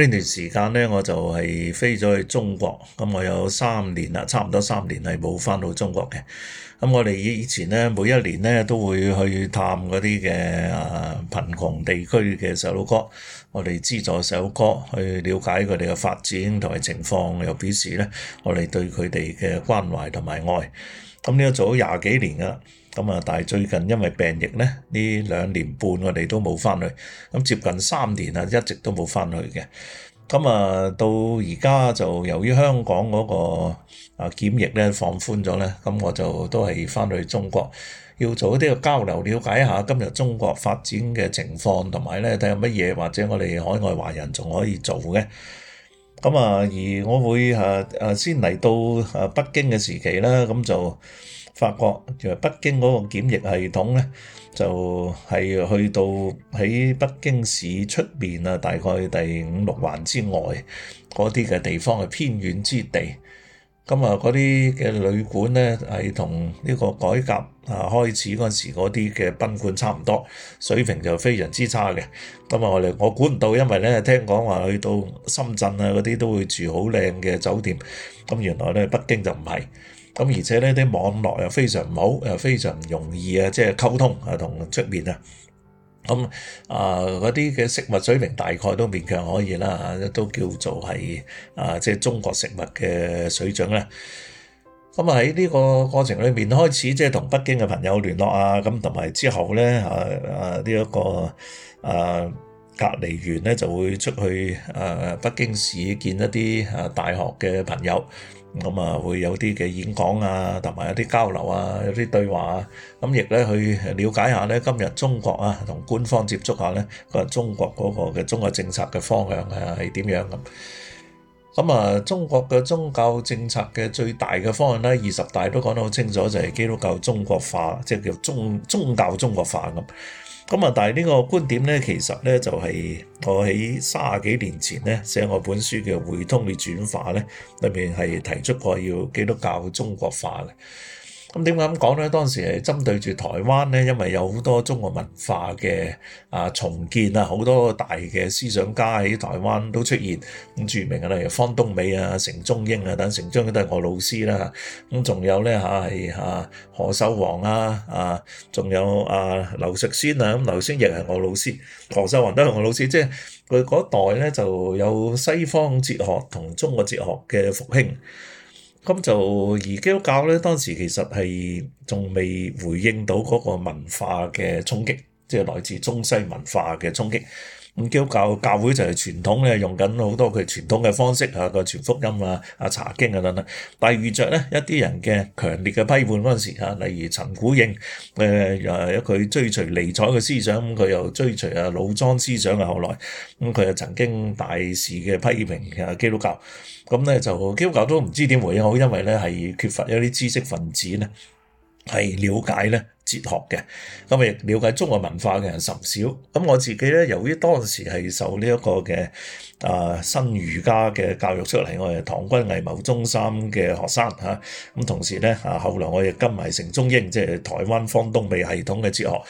呢段時間咧，我就係飛咗去中國，咁我有三年啦，差唔多三年係冇返到中國嘅。咁我哋以以前咧，每一年咧都會去探嗰啲嘅貧窮地區嘅細佬哥，我哋資助細佬哥去了解佢哋嘅發展同埋情況，又表示咧我哋對佢哋嘅關懷同埋愛。咁呢個做咗廿幾年啦，咁啊，但係最近因為病疫咧，呢兩年半我哋都冇翻去，咁接近三年啊，一直都冇翻去嘅。咁啊，到而家就由於香港嗰個啊檢疫咧放寬咗咧，咁我就都係翻去中國，要做一啲嘅交流，了解一下今日中國發展嘅情況，同埋咧睇下乜嘢，或者我哋海外華人仲可以做嘅。咁啊，而我會先嚟到北京嘅時期咧，咁就發覺誒北京嗰個檢疫系統咧，就係去到喺北京市出邊啊，大概第五六環之外嗰啲嘅地方嘅偏遠之地。咁啊，嗰啲嘅旅館咧係同呢個改革啊開始嗰陣時嗰啲嘅賓館差唔多，水平就非常之差嘅。咁啊，我哋我估唔到，因為咧聽講話去到深圳啊嗰啲都會住好靚嘅酒店，咁原來咧北京就唔係。咁而且呢啲網絡又非常唔好，又非常唔容易啊，即係溝通啊同出面啊。咁啊，嗰啲嘅食物水平大概都勉強可以啦，都叫做係啊，即係中國食物嘅水準啦。咁啊喺呢個過程裏面開始，即係同北京嘅朋友聯絡啊，咁同埋之後咧啊、這個、啊呢一個啊隔離完咧就會出去啊北京市見一啲啊大學嘅朋友。咁啊，會有啲嘅演講啊，同埋有啲交流啊，有啲對話啊，咁亦咧去了解下咧今日中國啊，同官方接觸下咧個中國嗰個嘅中國政策嘅方向係係點樣咁？咁啊，中國嘅宗教政策嘅最大嘅方向咧，二十大都講得好清楚，就係基督教中國化，即係叫宗宗教中國化咁。咁啊！但係呢個觀點咧，其實咧就係我喺三十幾年前咧寫我本書嘅《匯通與轉化》咧，裏面係提出過要基督教中國化嘅。咁點解咁講咧？當時係針對住台灣咧，因為有好多中國文化嘅啊重建啊，好多大嘅思想家喺台灣都出現。咁著名嘅例如方東美啊、成中英啊等，成中英都係我老師啦。咁仲有咧嚇係啊何秀煌啊啊，仲有啊劉述先啊，咁劉述亦係我老師。何秀煌都係我老師，即係佢嗰代咧就有西方哲學同中國哲學嘅復興。咁就而基督教呢，當時其實係仲未回應到嗰個文化嘅衝擊，即係來自中西文化嘅衝擊。咁基督教教會就係傳統咧，用緊好多佢傳統嘅方式啊，個傳福音啊、啊查經啊等等。但遇着咧，一啲人嘅強烈嘅批判嗰陣時，例如陳古應誒有佢追隨尼采嘅思想，佢又追隨啊老莊思想嘅，後來咁佢又曾經大肆嘅批評基督教咁咧，就基督教都唔知點回應好，因為咧係缺乏一啲知識分子咧。係了解咧哲學嘅，咁亦了解中國文化嘅人甚少。咁我自己咧，由於當時係受呢、這、一個嘅啊新儒家嘅教育出嚟，我係唐君毅牟宗三嘅學生咁、啊、同時咧嚇，後來我亦跟埋成中英，即、就、係、是、台灣方東美系統嘅哲學。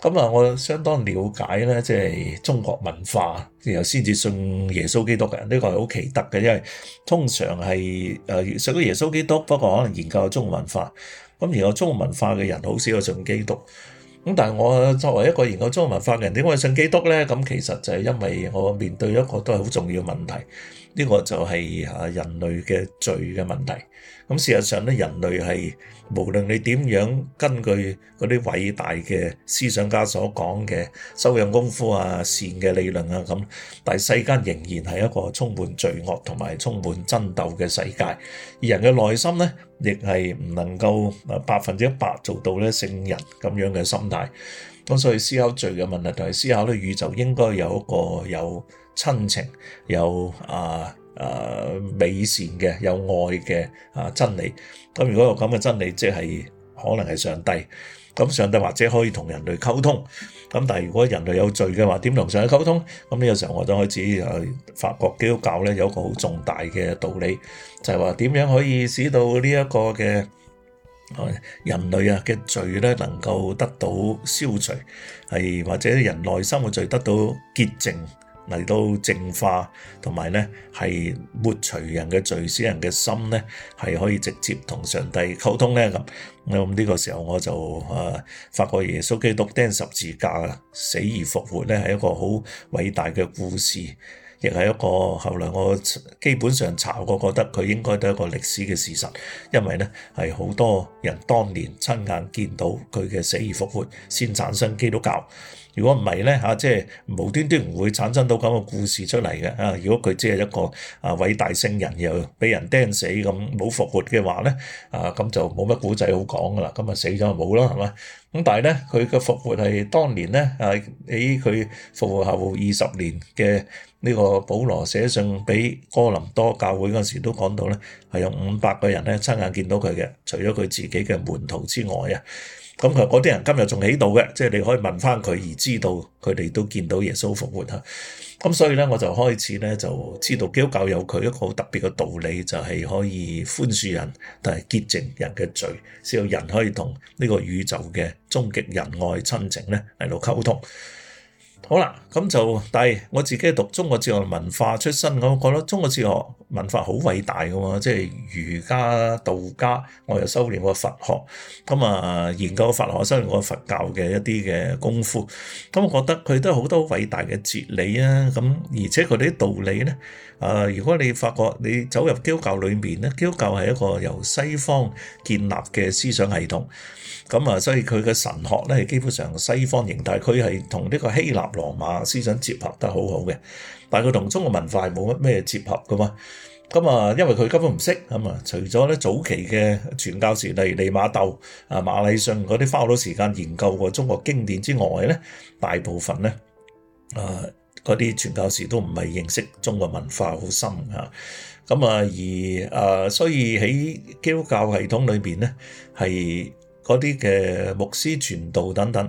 咁啊，我相當了解咧，即係中國文化，然後先至信耶穌基督嘅，呢個係好奇特嘅，因為通常係誒上到耶穌基督，不過可能研究中國文化，咁然後中國文化嘅人好少去信基督，咁但係我作為一個研究中國文化嘅人，點解會信基督咧？咁其實就係因為我面對一個都係好重要嘅問題。呢個就係啊人類嘅罪嘅問題。咁事實上咧，人類係無論你點樣根據嗰啲偉大嘅思想家所講嘅修養功夫啊、善嘅理論啊咁，但係世間仍然係一個充滿罪惡同埋充滿爭鬥嘅世界。而人嘅內心咧，亦係唔能夠啊百分之一百做到咧聖人咁樣嘅心態。咁所以思考罪嘅問題，同埋思考咧，宇宙應該有一個有。親情有啊啊美善嘅有愛嘅啊真理，咁如果有咁嘅真理，即係可能係上帝，咁上帝或者可以同人類溝通，咁但係如果人類有罪嘅話，點同上帝溝通？咁呢個時候我就開始發覺基督教咧有一個好重大嘅道理，就係話點樣可以使到呢一個嘅人類啊嘅罪咧能夠得到消除，係或者人內心嘅罪得到潔淨。嚟到淨化，同埋咧係抹除人嘅罪，使人嘅心咧係可以直接同上帝溝通咧咁。咁呢個時候我就誒發覺耶穌基督釘十字架、死而復活咧係一個好偉大嘅故事，亦係一個後來我基本上查過覺得佢應該都係一個歷史嘅事實，因為咧係好多人當年親眼見到佢嘅死而復活先產生基督教。如果唔係咧嚇即係無端端唔會產生到咁嘅故事出嚟嘅啊！如果佢只係一個啊偉大聖人又俾人釘死咁冇復活嘅話咧啊，咁就冇乜古仔好講。講噶啦，今日死咗就冇啦，係嘛？咁但係咧，佢嘅復活係當年咧，誒，喺佢復活後二十年嘅呢個保羅寫信俾哥林多教會嗰時候都講到咧，係有五百個人咧親眼見到佢嘅，除咗佢自己嘅門徒之外啊。咁佢嗰啲人今日仲喺度嘅，即係你可以問翻佢而知道佢哋都見到耶穌復活啦。咁、嗯、所以咧，我就開始咧就知道基督教有佢一個好特別嘅道理，就係、是、可以寬恕人，但係潔淨人嘅罪，先有人可以同呢個宇宙嘅終極仁愛親情咧嚟到溝通。好啦，咁就但係我自己係讀中國哲學文化出身，我覺得中國哲學文化好偉大嘅嘛，即係儒家、道家，我又修煉過佛學，咁啊研究佛學，修煉過佛教嘅一啲嘅功夫，咁我覺得佢都好多偉大嘅哲理啊！咁而且佢啲道理咧，啊如果你發覺你走入基督教裏面咧，基督教係一個由西方建立嘅思想系統，咁啊所以佢嘅神學咧係基本上西方形態，佢係同呢個希臘。羅馬思想結合得好好嘅，但係佢同中國文化冇乜咩結合噶嘛，咁啊，因為佢根本唔識咁啊。除咗咧早期嘅傳教士，例如利瑪竇啊、馬禮遜嗰啲花好多時間研究過中國經典之外咧，大部分咧啊嗰啲傳教士都唔係認識中國文化好深嚇，咁啊而啊，所以喺基督教系統裏邊咧，係嗰啲嘅牧師傳道等等。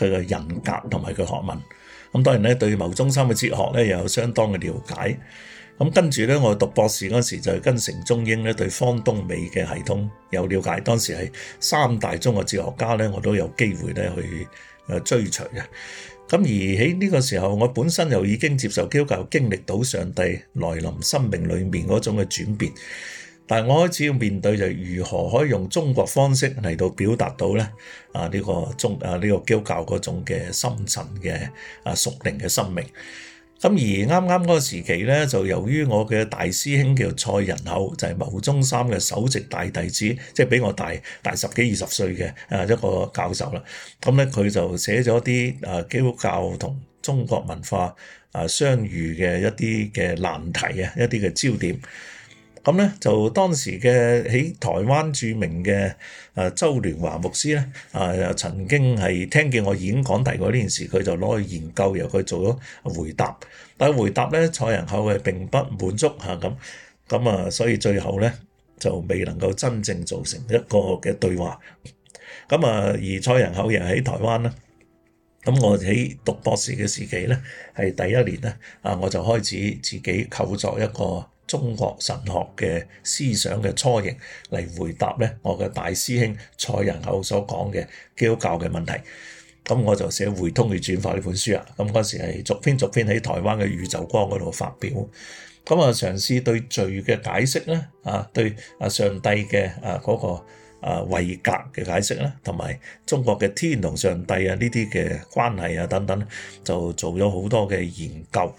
佢嘅人格同埋佢學問，咁當然咧，對牟宗三嘅哲學咧又有相當嘅了解。咁跟住咧，我讀博士嗰時候就跟成中英咧對方東美嘅系統有了解。當時係三大中國哲學家咧，我都有機會咧去誒追隨嘅。咁而喺呢個時候，我本身又已經接受基督教，經歷到上帝來臨生命裏面嗰種嘅轉變。但係我開始要面對，就如何可以用中國方式嚟到表達到咧，啊呢個中啊呢個基督教嗰種嘅深層嘅啊屬靈嘅生命。咁而啱啱嗰個時期咧，就由於我嘅大師兄叫蔡仁厚，就係牟宗三嘅首席大弟子，即係比我大大十幾二十歲嘅啊一個教授啦。咁咧佢就寫咗啲啊基督教同中國文化啊相遇嘅一啲嘅難題啊，一啲嘅焦點。咁咧就當時嘅喺台灣著名嘅周聯華牧師咧，啊又曾經係聽見我演講提過呢件事，佢就攞去研究，由佢做咗回答。但回答咧蔡仁厚係並不滿足咁，咁啊所以最後咧就未能夠真正做成一個嘅對話。咁啊而蔡仁厚又喺台灣咧，咁我喺讀博士嘅時期咧，係第一年咧啊我就開始自己構作一個中國神學嘅思想嘅雛形嚟回答咧，我嘅大師兄蔡仁厚所講嘅基督教嘅問題，咁我就寫《匯通與轉化》呢本書啊，咁嗰時係逐篇逐篇喺台灣嘅《宇宙光》嗰度發表，咁啊嘗試對罪嘅解釋咧，啊對啊上帝嘅啊嗰個啊位格嘅解釋咧，同埋中國嘅天同上帝啊呢啲嘅關係啊等等，就做咗好多嘅研究。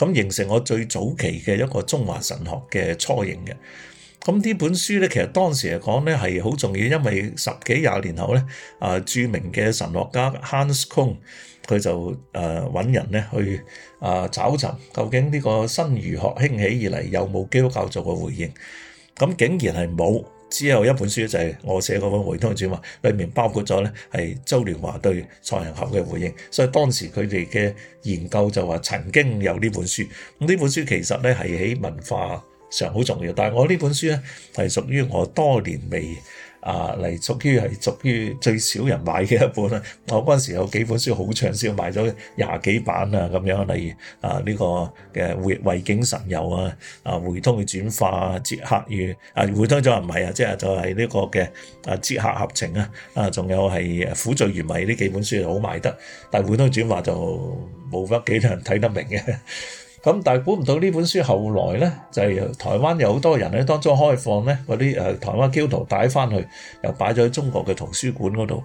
咁形成我最早期嘅一個中華神學嘅雛形嘅。咁呢本書咧，其實當時嚟講咧係好重要，因為十幾廿年後咧，啊著名嘅神學家 Hans Küng 佢就誒揾人咧去啊找尋究竟呢個新儒學興起以嚟有冇基督教做過回應，咁竟然係冇。之後一本書就係我寫嗰本回通轉話，裏面包括咗咧係周聯華對蔡仁侯嘅回應，所以當時佢哋嘅研究就話曾經有呢本書。咁呢本書其實咧係喺文化上好重要，但係我呢本書咧係屬於我多年未。啊！嚟，屬於係屬於最少人買嘅一本啦，啊。我嗰陣時有幾本書好暢銷，賣咗廿幾版啊咁樣。例如啊，呢、這個嘅《回魏景神遊》啊，啊《會通嘅轉化》啊，《捷克語》啊，回《會通就唔係啊，即係就係、是、呢個嘅啊《捷克合情啊》啊，啊仲有係《苦罪如迷》呢幾本書好賣得，但係會通轉化就冇乜幾多人睇得明嘅。咁但係估唔到呢本書後來咧，就係台灣有好多人咧當初開放咧嗰啲台灣基督徒帶翻去，又擺咗喺中國嘅圖書館嗰度。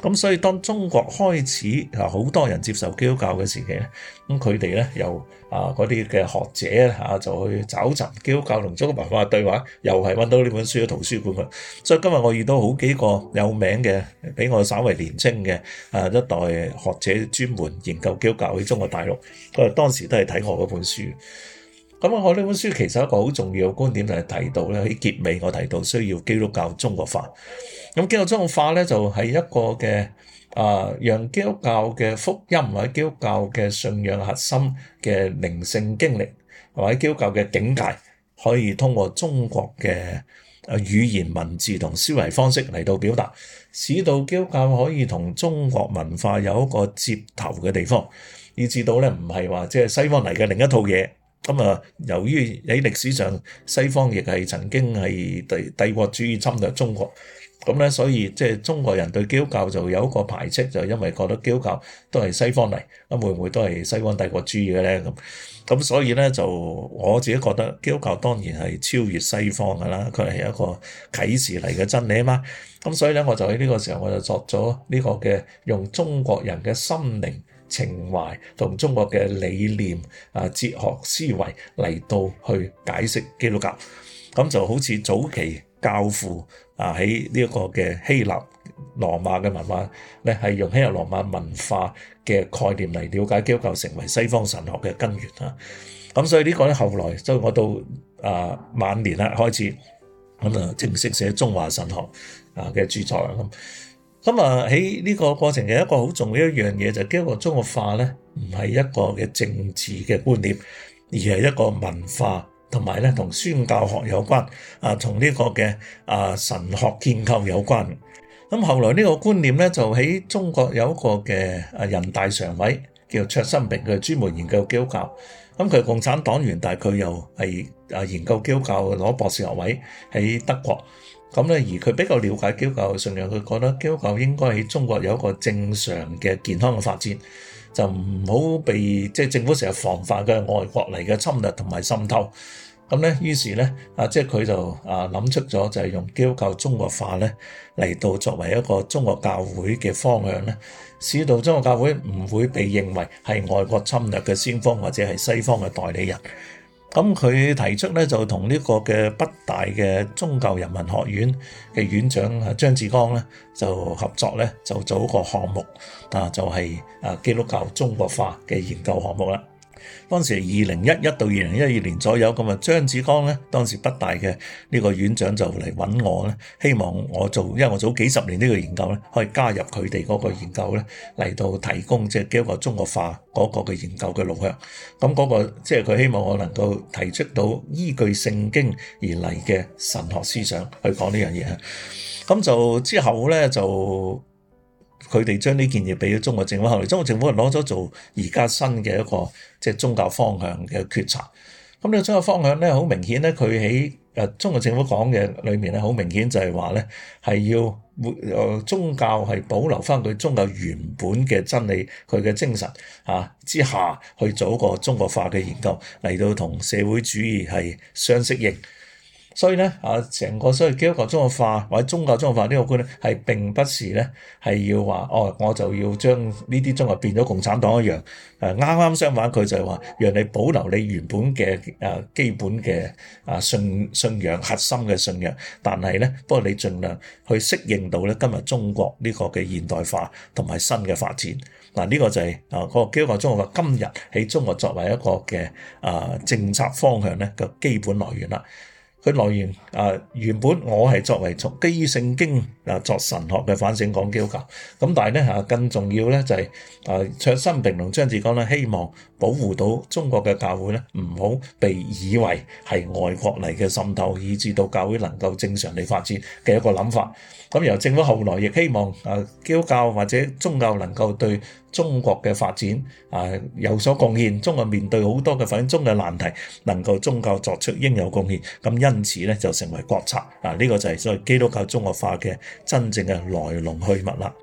咁所以當中國開始啊好多人接受基督教嘅時期咧，咁佢哋咧又啊嗰啲嘅學者呢，就去找尋基督教同中國文化對話，又係搵到呢本書嘅圖書館嘅。所以今日我遇到好幾個有名嘅，比我稍微年青嘅一代學者，專門研究基督教喺中國大陸。佢哋當時都係睇我嘅。本書。咁我呢本書其實一個好重要嘅觀點就係提到咧喺結尾，我提到需要基督教中國化。咁基督教中國化咧就係、是、一個嘅啊，讓基督教嘅福音或者基督教嘅信仰核心嘅靈性經歷或者基督教嘅境界，可以通過中國嘅語言文字同思維方式嚟到表達，使到基督教可以同中國文化有一個接頭嘅地方。以致到咧唔係話即係西方嚟嘅另一套嘢，咁啊由於喺歷史上西方亦係曾經係帝帝國主義侵略中國，咁咧所以即係中國人對基督教就有一個排斥，就因為覺得基督教都係西方嚟，咁會唔會都係西方帝國主義嘅咧咁？咁所以咧就我自己覺得基督教當然係超越西方噶啦，佢係一個啟示嚟嘅真理啊嘛，咁所以咧我就喺呢個時候我就作咗呢個嘅用中國人嘅心靈。情懷同中國嘅理念啊，哲學思維嚟到去解釋基督教，咁就好似早期教父啊，喺呢一個嘅希臘羅馬嘅文化咧，係用希臘羅馬文化嘅概念嚟了解基督教，成為西方神學嘅根源啊。咁所以呢個咧，後來所以我到啊晚年啦，開始咁啊，正式寫中華神學啊嘅著作啊咁。咁啊喺呢個過程嘅一個好重要一樣嘢就係基督教中國化咧，唔係一個嘅政治嘅觀念，而係一個文化同埋咧同宣教學有關啊，同呢個嘅啊神學建構有關。咁後來呢個觀念咧就喺中國有一個嘅人大常委叫卓新平，佢專門研究基督教。咁佢共產黨員，但佢又係研究基督教攞博士學位喺德國。咁咧，而佢比較了解基督教嘅信仰，佢覺得基督教應該喺中國有一個正常嘅健康嘅發展，就唔好被即係、就是、政府成日防範嘅外國嚟嘅侵略同埋滲透。咁咧，於是咧，啊，即係佢就啊諗出咗就係用基督教中國化咧嚟到作為一個中國教會嘅方向咧，使到中國教會唔會被認為係外國侵略嘅先鋒或者係西方嘅代理人。咁佢提出呢，就同呢個嘅北大嘅宗教人文學院嘅院長張志剛呢，就合作呢，就做個項目就係啊基督教中國化嘅研究項目啦。當時二零一一到二零一二年左右，咁啊張志剛咧，當時北大嘅呢個院長就嚟揾我咧，希望我做，因為我早幾十年呢個研究咧，可以加入佢哋嗰個研究咧，嚟到提供即係一個中國化嗰個嘅研究嘅路向。咁嗰個即係佢希望我能夠提出到依據聖經而嚟嘅神學思想去講呢樣嘢。咁就之後咧就。佢哋將呢件嘢俾咗中國政府，後嚟中國政府係攞咗做而家新嘅一個即係宗教方向嘅決策。咁呢個宗教方向咧，好明顯咧，佢喺誒中國政府講嘅裏面咧，好明顯就係話咧係要誒宗教係保留翻佢宗教原本嘅真理，佢嘅精神啊之下去做一個中國化嘅研究，嚟到同社會主義係相適應。所以咧啊，成個所謂基督教中國化或者宗教中國化呢個觀咧，係並不是咧係要話哦，我就要將呢啲中國變咗共產黨一樣。誒啱啱相反，佢就係、是、話讓你保留你原本嘅誒、啊、基本嘅誒、啊、信信仰核心嘅信仰，但係咧不過你盡量去適應到咧今日中國呢個嘅現代化同埋新嘅發展。嗱、啊、呢、這個就係、是、啊個基督教中國化今日喺中國作為一個嘅、啊、政策方向咧嘅基本來源啦。佢來源啊，原本我係作為基於聖經啊作神學嘅反省講基督教，咁但係更重要呢就係啊，卓新平論張志剛希望。保護到中國嘅教會咧，唔好被以為係外國嚟嘅滲透，以致到教會能夠正常地發展嘅一個諗法。咁由政府後來亦希望誒基督教或者宗教能夠對中國嘅發展啊有所貢獻。中國面對好多嘅反映中嘅難題，能夠宗教作出應有貢獻。咁因此咧就成為國策啊！呢個就係所謂基督教中國化嘅真正嘅來龍去脈啦。